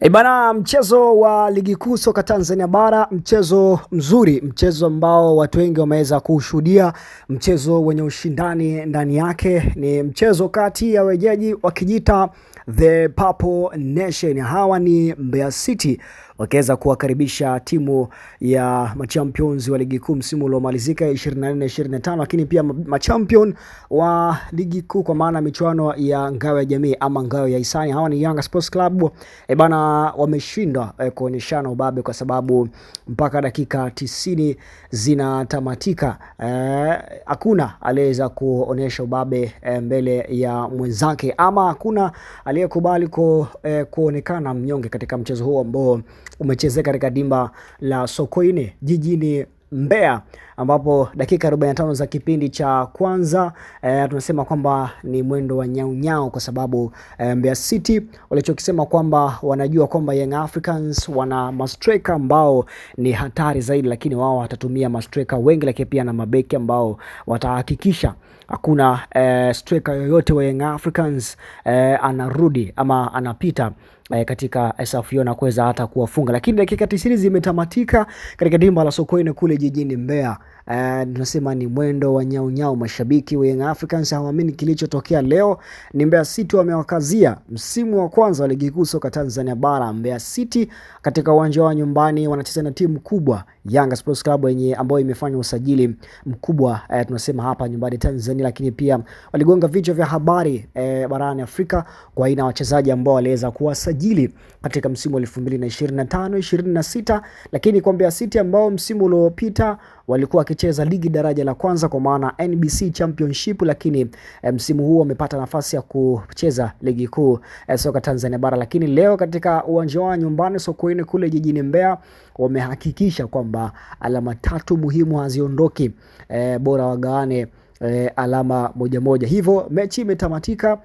ebana mchezo wa ligi kuu soka Tanzania bara, mchezo mzuri, mchezo ambao watu wengi wameweza kushuhudia, mchezo wenye ushindani ndani yake. Ni mchezo kati ya wenyeji wakijita The Purple Nation, hawa ni Mbeya City wakiweza kuwakaribisha timu ya machampions wa ligi kuu msimu uliomalizika 24 25, lakini pia machampion wa ligi kuu kwa maana michuano ya ngao ya jamii ama ngao ya hisani, hawa ni Yanga Sports Club e bana, wameshindwa e, kuonyeshana ubabe kwa sababu mpaka dakika tisini zinatamatika eh, hakuna e, aliyeweza kuonyesha ubabe e, mbele ya mwenzake ama hakuna aliyekubali ku, e, kuonekana mnyonge katika mchezo huo ambao umechezea katika dimba la Sokoine jijini Mbeya ambapo dakika 45 za kipindi cha kwanza e, tunasema kwamba ni mwendo wa nyau nyau kwa sababu e, Mbeya City walichokisema kwamba wanajua kwamba Young Africans wana mastreka ambao ni hatari zaidi, lakini wao watatumia mastreka wengi, lakini pia na mabeki ambao watahakikisha hakuna e, eh, striker yoyote wa Young Africans e, anarudi ama anapita eh, katika safu hiyo na kuweza hata kuwafunga, lakini dakika 90 zimetamatika katika dimba la Sokoine kule jijini Mbeya. Ah, tunasema ni mwendo wa nyaunyau. Mashabiki wa Young Africans hawaamini kilichotokea leo. Ni Mbeya City wamewakazia msimu wa kwanza wa ligi kuu soka Tanzania bara. Mbeya City katika uwanja wao nyumbani wanacheza na timu kubwa Yanga Sports Club yenye ambayo imefanya usajili mkubwa eh, tunasema hapa nyumbani Tanzania, lakini pia waligonga vichwa vya habari eh, barani Afrika kwa aina wachezaji ambao waliweza kuwasajili katika msimu wa 2025 26, lakini kwa Mbeya City ambao msimu uliopita walikuwa kucheza ligi daraja la kwanza kwa maana NBC Championship, lakini eh, msimu huu wamepata nafasi ya kucheza ligi kuu eh, soka Tanzania bara. Lakini leo katika uwanja wa nyumbani Sokoine kule jijini Mbeya wamehakikisha kwamba alama tatu muhimu haziondoki, e, bora wagawane e, alama moja moja. Hivyo mechi imetamatika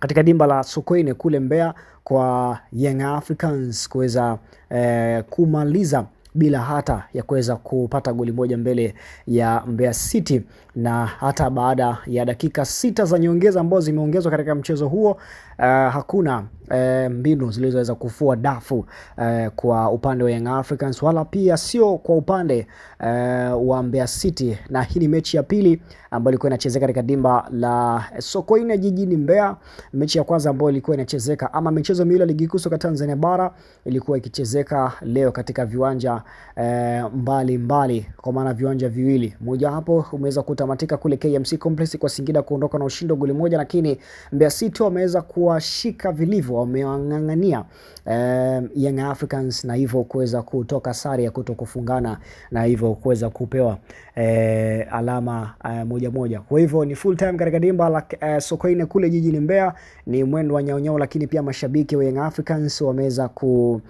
katika dimba la Sokoine kule Mbeya kwa Young Africans kuweza e, kumaliza bila hata ya kuweza kupata goli moja mbele ya Mbeya City, na hata baada ya dakika sita za nyongeza ambazo zimeongezwa katika mchezo huo, uh, hakuna uh, mbinu zilizoweza kufua dafu uh, kwa upande wa Young Africans wala pia sio kwa upande uh, wa Mbeya City, na hii ni mechi ya pili ambayo ilikuwa inachezeka katika dimba la Sokoine jijini Mbeya. Mechi ya kwanza ambayo ilikuwa inachezeka ama michezo miwili ya ligi kuu soka Tanzania bara ilikuwa ikichezeka leo katika viwanja eh, mbali mbali kwa maana viwanja viwili, mmoja hapo umeweza kutamatika kule KMC Complex kwa Singida kuondoka na ushindi goli moja, lakini Mbeya City wameweza kuwashika vilivyo, wamewang'ang'ania eh, Young Africans na hivyo kuweza kutoka sare ya kuto kufungana na hivyo kuweza kupewa eh, alama eh, moja moja. Kwa hivyo ni full time katika dimba la eh, Sokoine kule jijini Mbeya, ni mwendo wa nyaunyau, lakini pia mashabiki wa Young Africans wameweza ku,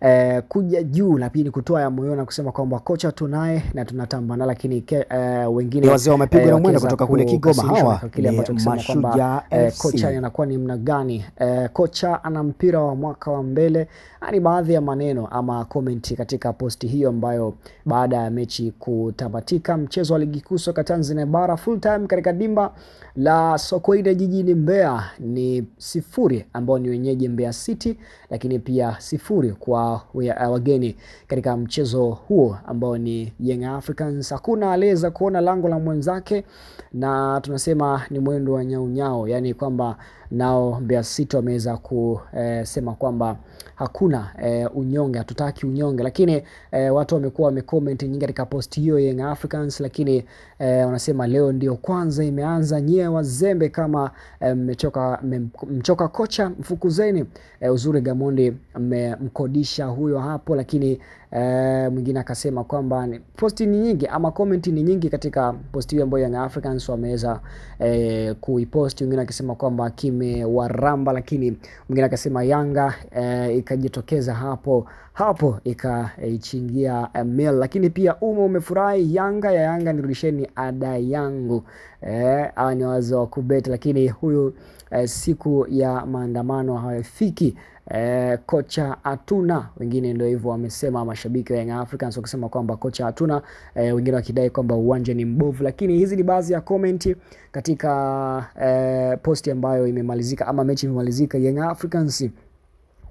eh, kuja juu na pia hatua ya moyo na kusema kwamba kocha tunaye na tunatambana, lakini uh, wengine wazee wamepigwa eh, na mwendo kutoka kule Kigoma. Hawa kile ambacho tunasema kwamba eh, kocha anakuwa ni mna gani? Uh, kocha ana mpira wa mwaka wa mbele, ah, ni baadhi ya maneno ama comment katika posti hiyo ambayo baada ya mechi kutamatika, mchezo wa ligi kuu soka Tanzania bara full time katika dimba la Sokoine jijini Mbeya ni sifuri, ambao ni wenyeji Mbeya City, lakini pia sifuri kwa wageni katika mchezo huo ambao ni Young Africans. Hakuna aliyeweza kuona lango la mwenzake, na tunasema ni mwendo wa nyaunyao, yaani kwamba nao Mbeya City wameweza kusema eh, kwamba hakuna e, unyonge, hatutaki unyonge, lakini e, watu wamekuwa wamecomment nyingi katika post hiyo Young Africans, lakini e, wanasema leo ndio kwanza imeanza, nyie wazembe kama e, mmechoka mchoka kocha mfukuzeni. E, uzuri Gamondi mmemkodisha huyo hapo, lakini e, Eh, mwingine akasema kwamba posti ni nyingi ama komenti ni nyingi katika posti hiyo ambayo Young Africans wameweza e, eh, kuiposti. Mwingine akisema kwamba kimewaramba, lakini mwingine akasema Yanga e, ikajitokeza hapo hapo ikaichingia e, mel, lakini pia umo umefurahi Yanga ya Yanga, nirudisheni ada yangu eh, ni wazee wa kubet lakini huyu eh, siku ya maandamano hawafiki. Eh, kocha hatuna, wengine ndio hivyo wamesema mashabiki wa Young Africans wakisema kwamba kocha hatuna, eh, wengine wakidai kwamba uwanja ni mbovu, lakini hizi ni baadhi ya komenti katika eh, posti ambayo imemalizika ama mechi imemalizika Young Africans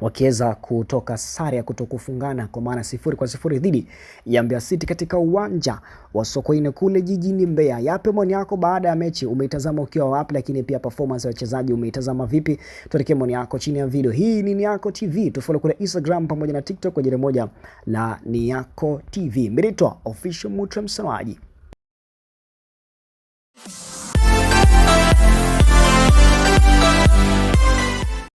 wakiweza kutoka sare ya kutokufungana kwa maana sifuri kwa sifuri dhidi ya Mbeya City katika uwanja wa Sokoine kule jijini Mbeya. Yape maoni yako baada ya mechi, umeitazama ukiwa wapi? Lakini pia performance ya wachezaji umeitazama vipi? Tuandikie maoni yako chini ya video hii. ni niako TV tufollow kule Instagram pamoja na TikTok kwa jina moja la Ni Yako TV. Meritwa official Mutra msemaji.